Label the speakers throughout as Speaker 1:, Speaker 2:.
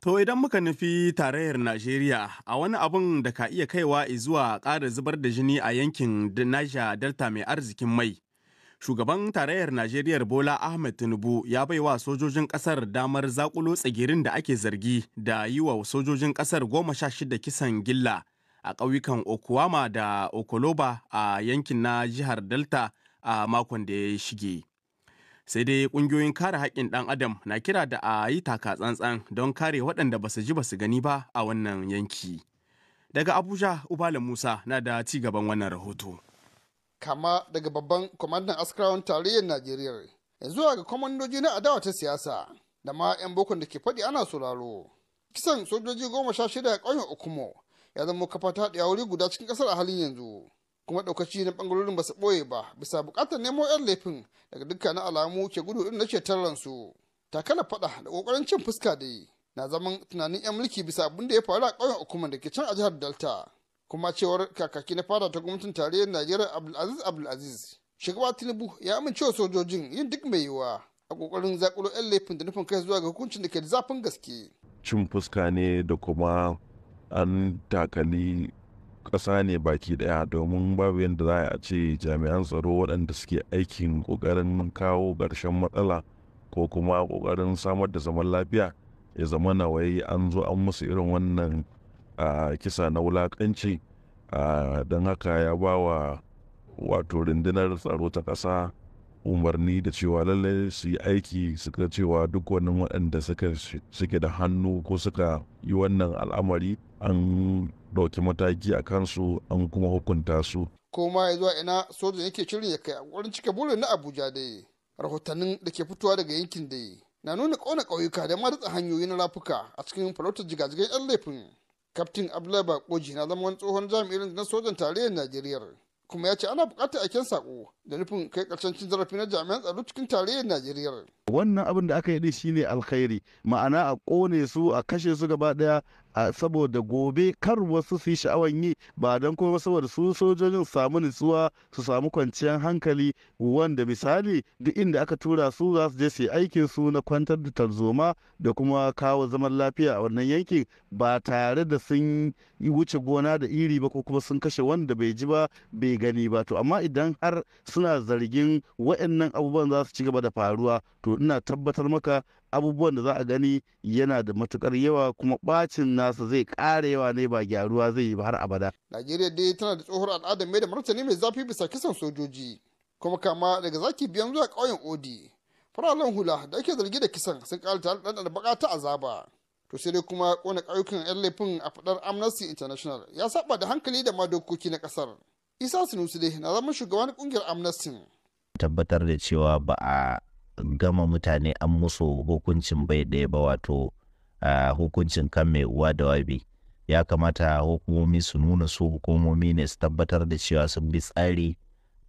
Speaker 1: To idan muka nufi tarayyar Najeriya a wani abun da ka iya kaiwa zuwa ƙara zubar da jini a yankin Niger Delta mai arzikin mai. Shugaban tarayyar Najeriya Bola Ahmed Tinubu ya baiwa sojojin ƙasar damar zakulo tsagirin da ake zargi da yi wa sojojin ƙasar goma sha shida kisan gilla a ƙauyukan Okuwama da Okoloba a yankin na jihar Delta a makon da ya shige. sai dai kungiyoyin kare haƙƙin ɗan adam na kira da a yi taka tsantsan don kare waɗanda ba su ji ba su gani ba a wannan yanki daga abuja ubalin musa na da ci gaban wannan rahoto
Speaker 2: kama daga babban kwamandan askarawan tarayyar najeriya yanzu ga kwamandoji na adawa ta siyasa da ma 'yan bokon da ke faɗi ana sauraro kisan sojoji goma sha shida ya ƙauyen okumo ya zama kafa ta wuri guda cikin ƙasar a halin yanzu kuma ɗaukaci na bangarorin ba su boye ba bisa bukatar nemo 'yan laifin daga dukkanin alamu ke gudu irin na ceton su takalar faɗa da kokarin cin fuska da na zaman tunanin 'yan mulki bisa abin da ya faru a ƙauyen hukuma da ke can a jihar delta kuma cewar kakaki na fada ta gwamnatin tarayyar najeriya abdulaziz abdulaziz shugaba tinubu ya amince wa sojojin yin duk mai yiwa a kokarin zaƙulo 'yan laifin da nufin kai zuwa ga hukuncin da ke da zafin gaske
Speaker 3: cin fuska ne da kuma an takali ƙasa ne baki ɗaya domin babu yadda za a ce jami'an tsaro waɗanda suke aikin ƙoƙarin kawo ƙarshen matsala ko kuma ƙoƙarin samar da zaman lafiya ya zama na wai an zo an musu irin wannan kisa na wulaƙanci don haka ya ba wa wato rundunar tsaro ta ƙasa umarni da cewa lallai su yi aiki suka cewa duk wani waɗanda suke da hannu ko suka yi wannan al'amari an ɗauki mataki a kansu an kuma hukunta su.
Speaker 2: Koma ya zuwa ina sojan yake shirin ya kai a wurin cika burin na Abuja dai. Rahotannin da ke fitowa daga yankin dai na nuna ƙona ƙauyuka da matsa hanyoyi na rafuka a cikin farautar jigajigai yan laifin. Kaftin Abdullahi Bakoji na zama wani tsohon jami'in na sojan tarayyar Najeriya. kuma ya ce ana bukatar aiken sako da nufin kai karshen cin zarafi na jami'an tsaro cikin tarayyar najeriya
Speaker 1: wannan abin da aka yi shi shine alkhairi ma'ana a kone su a kashe su gaba ɗaya. saboda gobe kar wasu su yi sha'awan yi ba don kuma saboda su sojojin samu nutsuwa su samu kwanciyar hankali wanda misali duk inda aka tura su za su je su yi aikin su na kwantar da tarzoma da kuma kawo zaman lafiya a wannan yankin ba tare da sun wuce gona da iri ba ko kuma sun kashe wanda bai ji ba bai gani ba to amma idan har suna zargin waɗannan abubuwan za su ci gaba da faruwa to ina tabbatar maka abubuwan da za a gani yana da matukar yawa kuma bacin nasa zai ƙara yawa ne ba gyaruwa zai yi ba har abada.
Speaker 2: Najeriya dai tana da tsohuwar al'adar mai da martani mai zafi bisa kisan sojoji kuma kama daga zaki biyan zuwa ƙauyen Odi. Fararen hula da ake zargi da kisan sun ƙara tare da baka ta azaba. To sai dai kuma kona ƙauyukan 'yan laifin a fadar Amnesty International ya saba da hankali da ma dokoki na kasar Isa Sinusi na zama shugaban ƙungiyar Amnesty.
Speaker 1: Tabbatar da cewa ba a gama mutane an musu hukuncin bai ɗaya ba wato hukuncin kan mai uwa da wabi ya kamata hukumomi su nuna su hukumomi ne su tabbatar da cewa sun bi tsari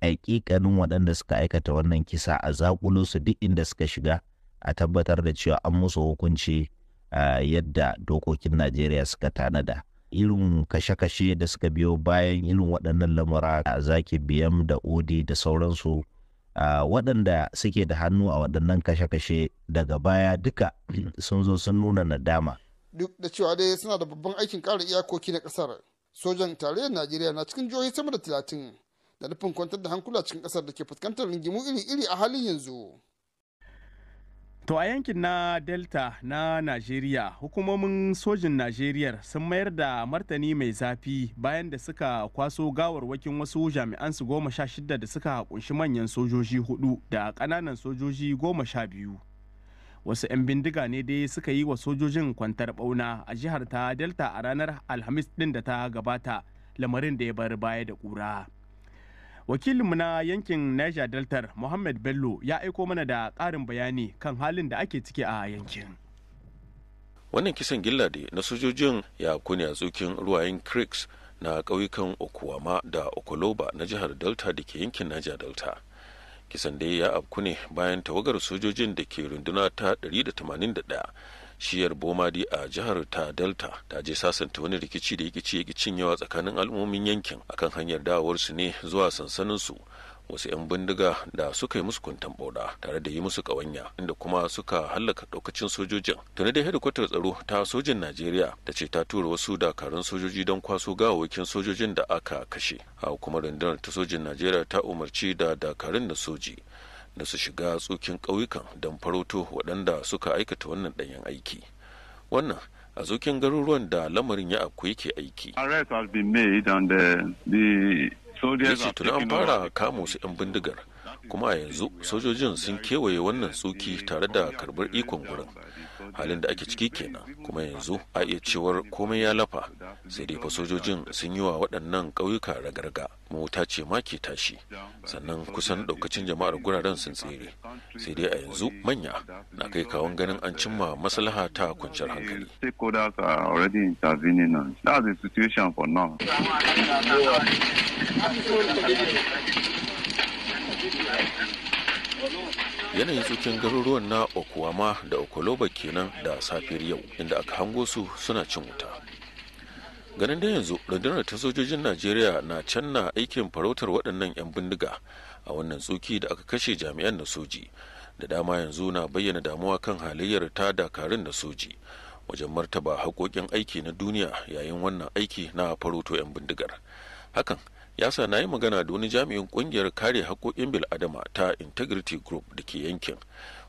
Speaker 1: aikikanin waɗanda suka aikata wannan kisa a zaƙulo su duk inda suka shiga a tabbatar da cewa an musu hukunci yadda dokokin najeriya suka tanada irin kashe-kashe da suka biyo bayan irin waɗannan lamura a zaki biyam da odi da sauransu waɗanda suke da hannu a waɗannan kashe-kashe daga baya duka sun zo sun nuna nadama.
Speaker 2: Duk da cewa dai suna da babban aikin ƙara iyakoki na ƙasar, sojan tarayyar Najeriya na cikin jihohi sama da talatin da nufin kwantar da hankula cikin ƙasar da ke fuskantar ringimu iri-iri a halin yanzu.
Speaker 1: To a yankin na Delta na Najeriya, hukumomin sojin Najeriya sun mayar da martani mai zafi bayan da suka kwaso gawarwakin wasu jami'an su goma sha shida da suka kunshi manyan sojoji hudu da ƙananan sojoji goma sha biyu. Wasu 'yan bindiga ne dai suka yi wa sojojin kwantar bauna a jihar ta Delta a ranar Alhamis ɗin da ta gabata, lamarin da ya bar baya da ƙura. wakilinmu na yankin niger delta muhammad bello ya aiko mana da ƙarin bayani kan halin da ake ciki a yankin
Speaker 3: wannan kisan gilla na sojojin ya kunya a tsukin ruwayen creeks na ƙauyukan okuwama da okoloba na jihar delta da ke yankin niger delta kisan da ya afku ne bayan tawagar sojojin da ke runduna ta 181 shiyar bomadi a jihar ta delta ta je sasanta wani rikici da yake ci yawa tsakanin al'ummomin yankin akan hanyar dawowarsu ne zuwa sansanin su wasu 'yan bindiga da suka yi musu kuntan bauda tare da yi musu kawanya inda kuma suka hallaka daukacin sojojin tuni da hedikwatar tsaro ta sojin najeriya ta ce ta tura wasu dakarun sojoji don kwaso gawawakin sojojin da aka kashe a kuma rundunar ta sojin najeriya ta umarci da dakarun da soji da su shiga tsokin ƙauyukan don faroto waɗanda suka aikata wannan ɗanyen aiki wannan a tsokin garuruwan da lamarin ya akwai ke aiki uh, ya ce tuni an fara kama wasu 'yan bindigar kuma a yanzu sojojin sun kewaye wannan tsoki tare da karɓar ikon gurin halin da ake ciki kenan kuma yanzu a iya cewar komai ya lafa sai dai fa sojojin sun yi wa waɗannan ƙauyuka ragarga mota ce ma ke tashi sannan kusan ɗaukacin jama'ar guraren sun tsere sai dai a yanzu manya na kai kawon ganin an cimma maslaha ta kwanciyar hankali That's the situation for now. yanayin tsukin garuruwan na okwama da okoloba kenan da safiyar yau inda aka hango su suna cin wuta ganin da yanzu rundunar ta sojojin najeriya na can na aikin farautar waɗannan 'yan bindiga a wannan tsuki da aka kashe jami'an na soji da dama yanzu na bayyana damuwa kan halayyar ta dakarun na soji wajen martaba haƙoƙin aiki na duniya yayin wannan aiki na farauto 'yan bindigar hakan ya sa na yi magana da wani jami'in kungiyar kare haƙoƙin bil'adama ta integrity group da ke yankin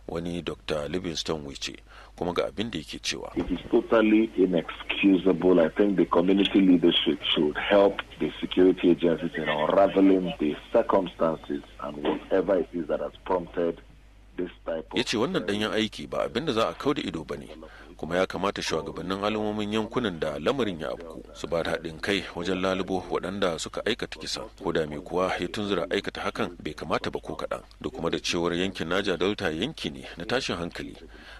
Speaker 3: wani dr livingston wice kuma ga abin da yake cewa it is totally inexcusable i think the community leadership should help the security agencies in unraveling the circumstances and whatever it is that has prompted ya ce wannan danyen aiki ba abin da za a kau da ido ba ne kuma ya kamata shugabannin al'ummomin yankunan da lamarin ya afku su ba haɗin kai wajen lalubo waɗanda suka aikata kisan ko da mai kuwa ya tunzura aikata hakan bai kamata ba ko kaɗan da kuma da cewar yankin naja delta yanki ne na tashin hankali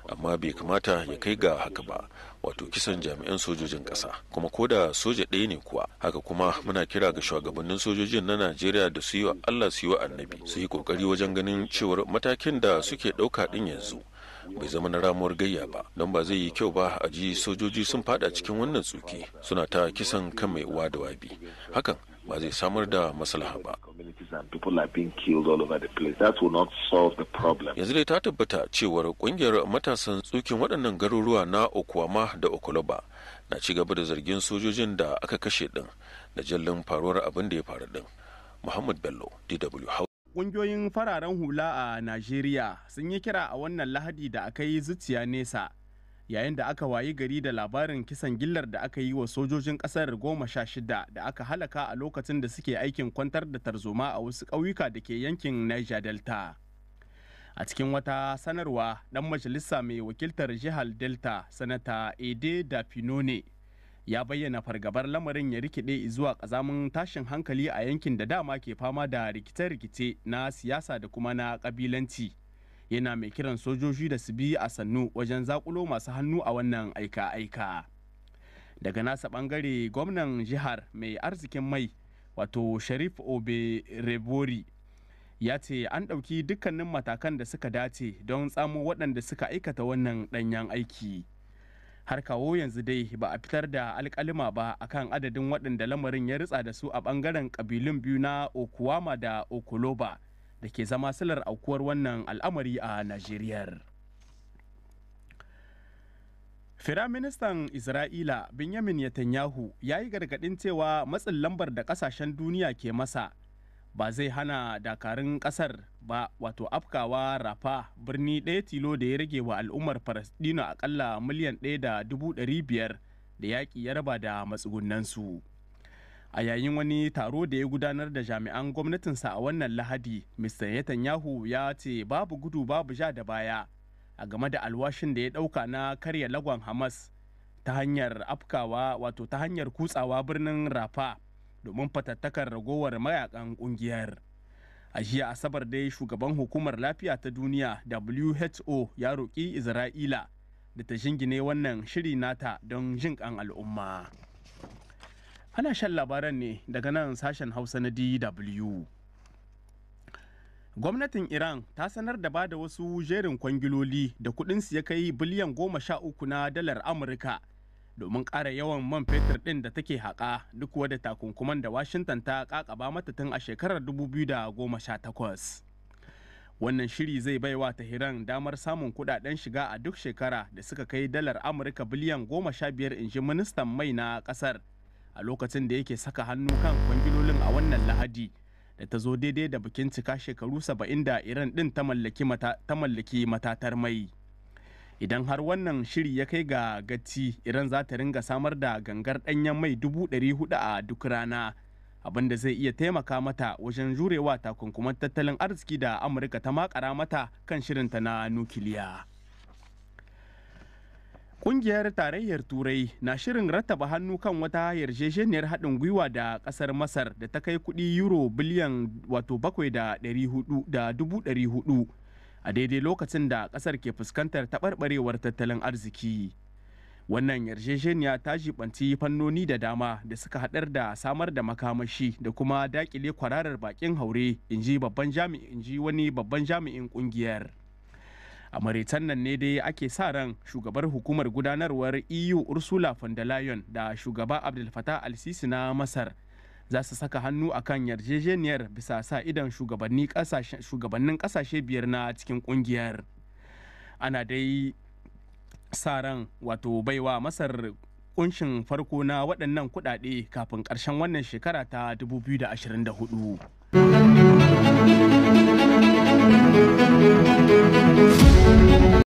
Speaker 3: amma bai kamata ya kai ga haka ba wato kisan jami'an sojojin ƙasa kuma ko da soja ɗaya ne kuwa haka kuma muna kira ga shugabannin sojojin na najeriya da su yi wa allah su yi wa annabi su yi ƙoƙari wajen ganin cewar matakin da suke ɗauka ɗin yanzu bai zama na ramuwar gayya ba don ba zai yi kyau ba a ji sojoji sun fada cikin wannan tsuki suna ta kisan kan mai uwa da wabi hakan ba zai samar da maslaha ba yanzu dai ta tabbata cewar kungiyar matasan tsukin waɗannan garuruwa na okwama da okoloba na ci gaba da zargin sojojin da aka kashe din da jallin faruwar abin da ya faru ɗin muhammad bello dw
Speaker 1: Ƙungiyoyin fararen hula a Najeriya sun yi kira a wannan lahadi da aka yi zuciya nesa yayin da aka wayi gari da labarin kisan gillar da aka yi wa sojojin ƙasar goma sha shida da aka halaka a lokacin da suke aikin kwantar da tarzoma a wasu ƙauyuka da ke yankin Niger Delta. a cikin wata sanarwa ɗan majalisa mai wakiltar jihar delta sanata ede da finone ya bayyana fargabar lamarin ya rikide zuwa kazamin tashin hankali a yankin da dama ke fama da rikice-rikice na siyasa da kuma na kabilanci yana mai kiran sojoji da su bi a sannu wajen zakulo masu hannu a wannan aika-aika daga nasa bangare gwamnan jihar mai arzikin mai wato sharif obe rebori ya ce an ɗauki dukkanin matakan da suka dace don tsamo waɗanda suka aikata wannan ɗanyen aiki har kawo yanzu dai ba a fitar da alkalima ba akan adadin waɗanda lamarin ya ritsa da su a ɓangaren ƙabilun biyu na okuwama da okoloba da ke zama silar aukuwar wannan al'amari a najeriya Firaministan Isra'ila Benjamin Netanyahu ya yi gargaɗin cewa matsin lambar da ƙasashen duniya ke masa ba zai hana dakarun kasar ba wato afkawa rafa birni ɗaya tilo da ya rage wa al'ummar a akalla miliyan ɗaya da dubu ɗari biyar da yaƙi ya raba da matsugunansu a yayin wani taro da ya gudanar da jami'an gwamnatinsa a wannan lahadi mr netanyahu ya ce babu gudu babu ja da baya a game da alwashin da ya ɗauka na karya lagon hamas ta hanyar afkawa wato ta hanyar kutsawa birnin rafa domin fatattakar ragowar mayakan kungiyar a jiya asabar dai shugaban hukumar lafiya ta duniya who ya roƙi isra'ila da ta shingine wannan shiri nata don jin kan al'umma ana shan labaran ne daga nan sashen hausa na dw gwamnatin iran ta sanar da bada wasu jerin kwangiloli da kudin su ya kai biliyan goma sha uku na dalar amurka domin ƙara yawan man fetur ɗin da take haƙa duk wadda takunkuman da washington ta ƙaƙaba mata tun a shekarar 2018 wannan shiri zai baiwa hiran damar samun kudaden shiga a duk shekara da suka kai dalar amurka biliyan 15 sha biyar inji ministan mai na ƙasar a lokacin da yake saka hannu kan kwangilolin a wannan lahadi da ta zo daidai da bikin cika shekaru saba'in da iran din ta mallaki matatar mai idan har wannan shiri ya kai ga gaci iran za ta ringa samar da gangar ɗanyen mai dubu ɗari hudu a duk rana abin da zai iya taimaka mata wajen jurewa takunkuman tattalin arziki da amurka ta makara mata kan shirinta na nukiliya Kungiyar Tarayyar Turai na shirin rattaba hannu kan wata yarjejeniyar haɗin gwiwa da ƙasar Masar da ta kai kuɗi euro biliyan wato bakwai da ɗari da a daidai lokacin da kasar ke fuskantar taɓarɓarewar tattalin arziki wannan yarjejeniya ta jibanci fannoni da dama da suka haɗar da samar da makamashi da kuma daƙile kwararar bakin haure inji babban jami'in ji wani babban jami'in kungiyar a maritan nan ne dai ake sa ran shugabar hukumar gudanarwar eu ursula von der leyen da shugaba abdul fatah al-sisi na masar za su saka hannu a kan yarjejeniyar bisa sa idan shugabannin kasashe biyar na cikin kungiyar ana dai sa ran wato baiwa masar kunshin farko na waɗannan kuɗaɗe kafin ƙarshen wannan shekara ta 2024